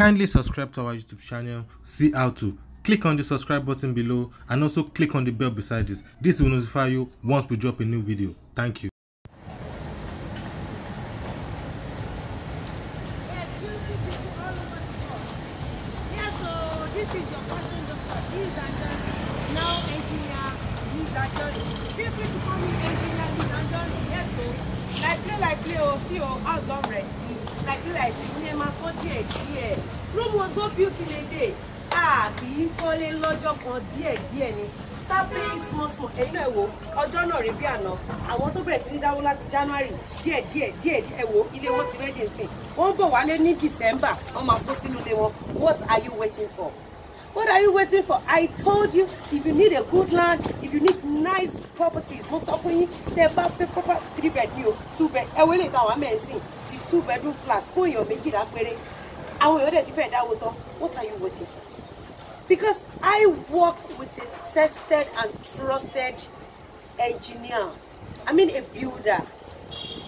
Kindly subscribe to our YouTube channel, see how to. Click on the subscribe button below and also click on the bell beside this. This will notify you once we drop a new video. Thank you. Yes, this is your passion doctor. He is Anjan, now engineer. He is Anjan. Feel free to call me engineer. He is Yes, so. Like play, like play, oh, see, oh, house don't rent like like the ẹ máa sọ díẹ̀ díẹ̀ Room was not built in a day a kì í kọ́lé lọ́jọ́ kan díẹ̀ díẹ̀ ni start paying small small ẹ̀yin náà wo ọjọ́ náà rí bí àná àwọn to bẹ̀rẹ̀ sí ní dáwó láti January díẹ̀ díẹ̀ díẹ̀ díẹ̀ wo ilé wọn ti rẹ́dì sí wọ́n bọ̀ wálé ní December wọ́n máa kó sínú ilé wọn what are you waiting for what are you waiting for I told you if you need a good land if you need nice properties mo sọ fún yín tẹ́ bá fẹ́ proper three bed ni o two bed ẹ wọlé ìtawà mẹ́rin sí i this two bedroom flat fún èèyàn méjìlá péré àwọn èèyàn dẹ̀ ti fẹ́ dáwó tán what are you waiting for because I work with a tested and trusted engineer I mean a builder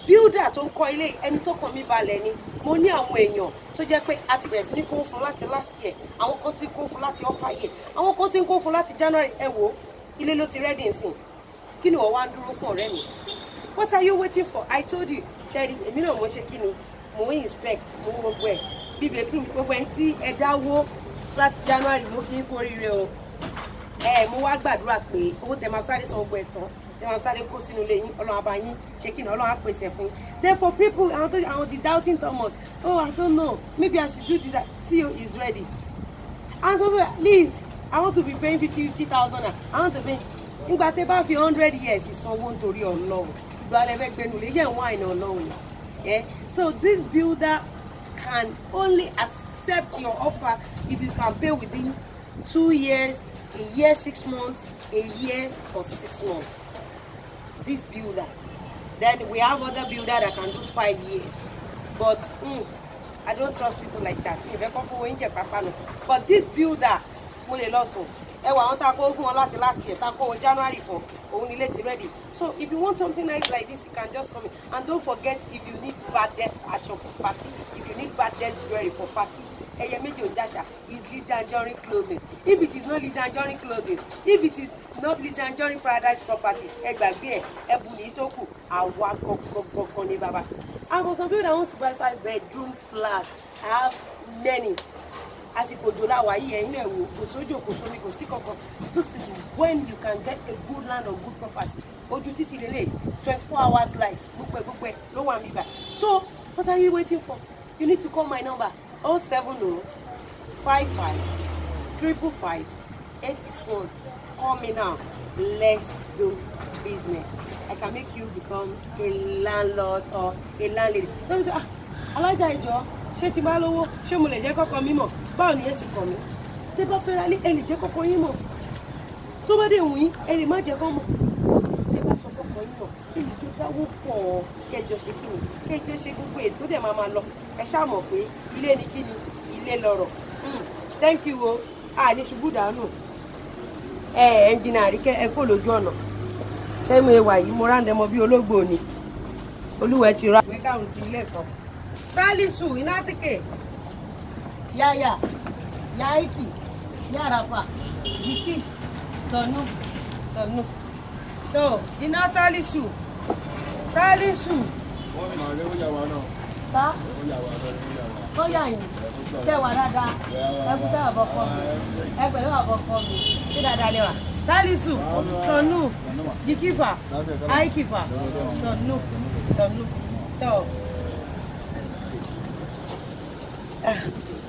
builder tó ń kọ́ ilé ẹni tó kàn mí balẹ̀ ni mo ní àwọn èèyàn tó jẹ́ pé a ti bẹ̀rẹ̀ sí ní kó fún láti last year àwọn kan ti kó fún láti upper year àwọn kan ti kó fún láti January ẹ wò ilé ló ti rẹ́dí nsìn kí ni wọ́n wá ń dúró fún ọ̀rẹ́ mi what are you waiting for i told you Cherry. èmi náà mo ṣe kí ni mo ń inspect mo ń gbogbo ẹ bí bedroom gbogbo ẹ tí ẹ dáwó láti january mo kí n kó rire o ẹ mo wá gbàdúrà pé owó tẹ máa sáré san gbogbo ẹ tán tẹ máa sáré kó sínú ilé yín ọlọ́run abá yín ṣe kí ni á pèsè fún then for people àwọn tó àwọn the doubting thomas oh i don't know maybe i should do this see you is ready and some please i want to be paying fifty fifty thousand i want to pay nígbà tẹ bá fi hundred years ìsanwó nítorí ọlọ́run ìlú so this builder can only accept your offer if you can pay within two years a year six months a year or six months this builder then we have other builder that can do five years but mm, I don't trust people like that but this builder ẹwà àwọn tá a kó fún wọn láti last year tá a kó wọ January for òun ilé ti ready so if you want something nice like this you can just come in and don't forget if you need baddest aṣọ for party if you need bad desk jewelry for party ẹyẹ méjì ò jàṣà is Lizzie and Johnny clothing if it is not Lizzie and Johnny clothing if it is not Lizzie and Johnny paradise properties ẹ gbàgbé ẹ ẹbù ní tó kù àwa gangan ni bàbá and for some people that want to buy five bedroom flat I have many àsìkò òjò láwà yìí ẹ̀yin náà kò sójò kò sómi kò sí kankan this is when you can get a good land or good property ojú títí lélẹ̀ twenty four hours light gbogbo ẹ̀ gbogbo ẹ̀ ló wà mí bá so what are you waiting for you need to call my number oh seven oh five five triple five eight six one call me now let's do business i can make you become a landlord or a landlady don't be ah alájà ìjọ ṣé ti bá lówó ṣé mo lè jẹ́ kọ́kọ́ mi mọ̀ báwo nìyẹn sì kàn mí tẹ́ bá fẹ́ra lé ẹnì jẹ́ kọ́kọ́ yín mọ̀ tó bá dé wù yín ẹnì má jẹ́ kọ́ mọ̀ tẹ́ bá sọ fọ́kọ yín mọ̀ èyí tó dáwó pọ̀ kẹjọ ṣe kí ni kẹjọ ṣe gbogbo ètò dẹ̀ máa máa lọ ẹ ṣáà mọ̀ pé ilé ni kí ni ilé lọ̀rọ̀ hmm. thank you o àní ṣubú dànù ẹ ẹnjìnà àríkẹ́ ẹ kó lójú ọ̀nà ṣé mo wà yìí mo ráǹdẹ̀ mọ bí ológbò ni olúwẹ̀ ti ra. ìwé káàrún ti ilé ẹ̀kọ́ salisu ina take yaya yaiki yarafa jiki sonu sonu to ina salisu salisu wọ́n mọ̀ ọ́ léwu yàwá náà. sá ó yà yín ṣe wà dáadáa ẹkú sẹ́wà bọ́kọ́ mi ẹgbẹ̀rún wà bọ́kọ́ mi ṣé dáadáa lẹ́wà. salisu sonu jikifa aikifa sonu sonu tọ́. Ah.